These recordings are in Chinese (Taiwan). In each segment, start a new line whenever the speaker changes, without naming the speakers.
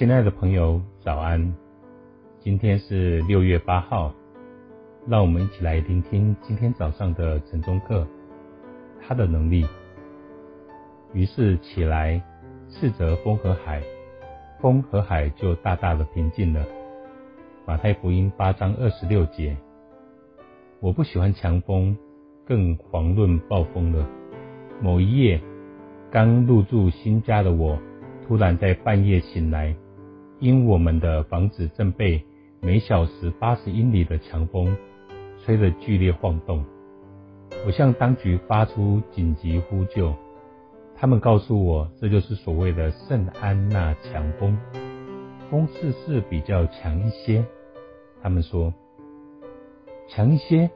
親愛的朋友，早安！今天是六月八號，讓我們一起來聆聽今天早上的晨鐘課。他的能力，於是起來，斥責風和海，風和海就大大的平靜了。馬太福音八章二十六節。我不喜歡強風，更遑論暴風了。某一夜，剛入住新家的我，突然在半夜醒來。因我們的房子正被每小時八十英里的強風吹得劇烈晃動，我向當局發出緊急呼救。他們告訴我，這就是所謂的聖安娜強風，風勢是比較強一些。他們說，強一些？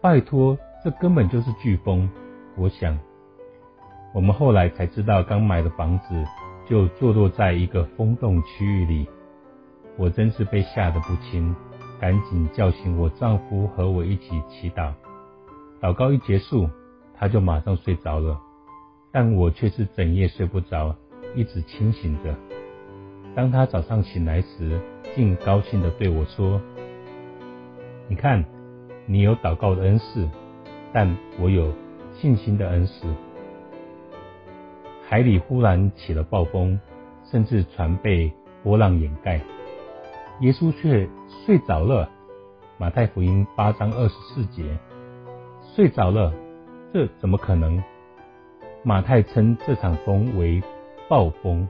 拜托，這根本就是颶風！我想，我們後來才知道，剛買的房子，就坐落在一個風洞區域裡，我真是被嚇得不輕，趕緊叫醒我丈夫和我一起祈禱。禱告一結束，他就馬上睡着了，但我卻是整夜睡不着，一直清醒着。當他早上醒來時，竟高興的對我說：“你看，你有禱告的恩賜，但我有信心的恩賜。海裡忽然起了暴風，甚至船被波浪掩蓋。耶穌卻睡着了。馬太福音八章二十四節，睡着了，這怎麼可能？馬太稱這場風為暴風，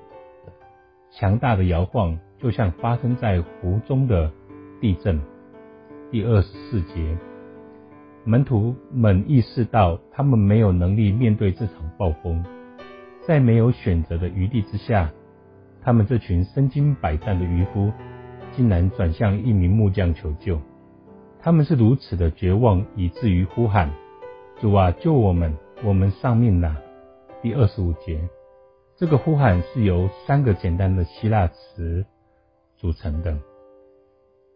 強大的搖晃就像發生在湖中的地震。第二十四節，門徒們意識到他們沒有能力面對這場暴風。在沒有選擇的餘地之下，他們這群身經百戰的漁夫，竟然轉向一名木匠求救。他們是如此的絕望，以至於呼喊：“主啊，救我們！我們喪命啦。”第二十五節，這個呼喊是由三個簡單的希臘詞組成的。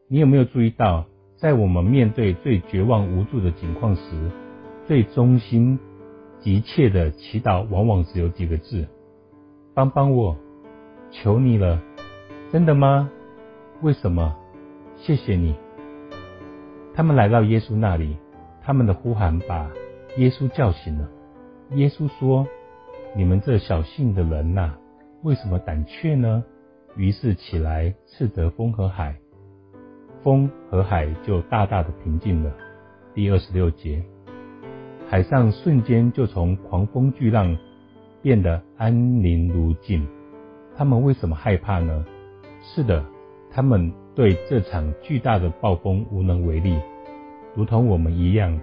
你有沒有注意到，在我們面對最絕望無助的境況時，最衷心。急切的祈禱往往只有幾個字：“幫幫我，求你了，真的嗎？為什麼？謝謝你。”他們來到耶穌那裡，他們的呼喊把耶穌叫醒了。耶穌說：“你們這小信的人吶、啊，為什麼膽怯呢？”於是起來斥責風和海，風和海就大大的平靜了。第二十六節。海上瞬間就從狂風巨浪變得安寧如鏡。他們為什麼害怕呢？是的，他們對這場巨大的暴風無能為力，如同我們一樣。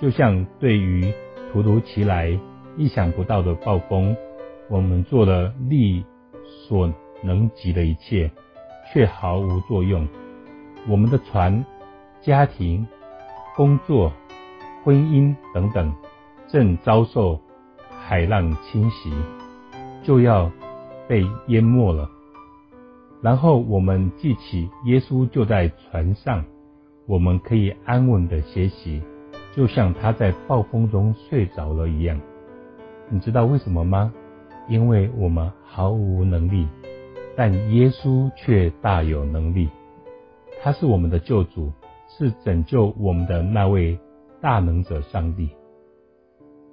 就像對於突如其來、意想不到的暴風，我們做了力所能及的一切，卻毫無作用。我們的船、家庭、工作、婚姻等等，正遭受海浪侵襲，就要被淹沒了。然後我們記起耶穌就在船上，我們可以安穩地歇息，就像他在暴風中睡着了一樣。你知道為什麼嗎？因為我們毫無能力，但耶穌卻大有能力。他是我們的救主，是拯救我們的那位。大能者上帝，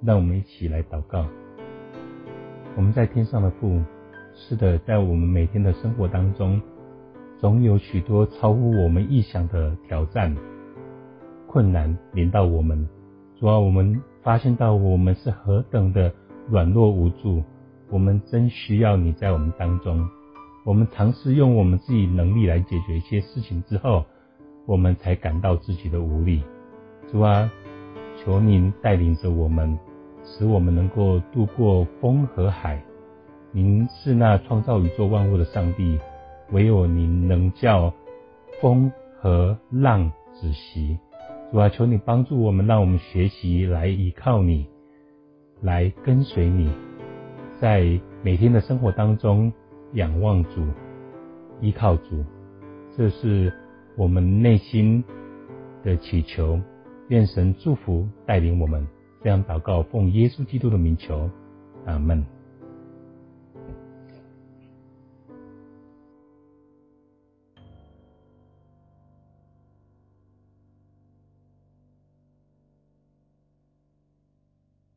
讓我們一起來禱告。我們在天上的父，是的，在我們每天的生活當中，總有許多超乎我們意想的挑戰、困難臨到我們。主啊，我們發現到我們是何等的軟弱無助，我們真需要你在我們當中。我們嘗試用我們自己能力來解決一些事情之後，我們才感到自己的無力。主啊。求您帶領着我們，使我們能夠度過風和海。您是那創造宇宙萬物的上帝，唯有您能叫風和浪止息。主啊，求你幫助我們，讓我們學習來依靠你，來跟隨你，在每天的生活當中仰望主、依靠主。這是我們內心的祈求。願神祝福，帶領我們這樣禱告，奉耶穌基督的名求，阿門。